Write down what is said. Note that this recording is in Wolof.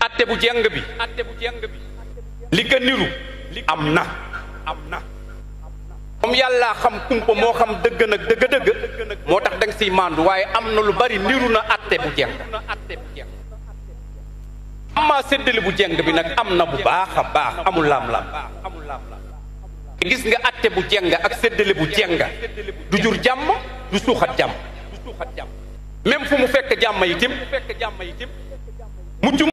atte bu jeng bi atte bu jeng bi li ko niru am na am na moom yàllaa xam kumpa moo xam dëgg nag dëgg dëgg moo tax da nga siy maandu waaye am na lu bari niru na atte bu jeng amma séddale bu jeng bi nag am na bu baax a baax amul laam-laam gis nga atte bu jeng ak séddale bu jeng du jur jàmm du suuxat jàmm même fu mu fekk jàmm yi tim mucc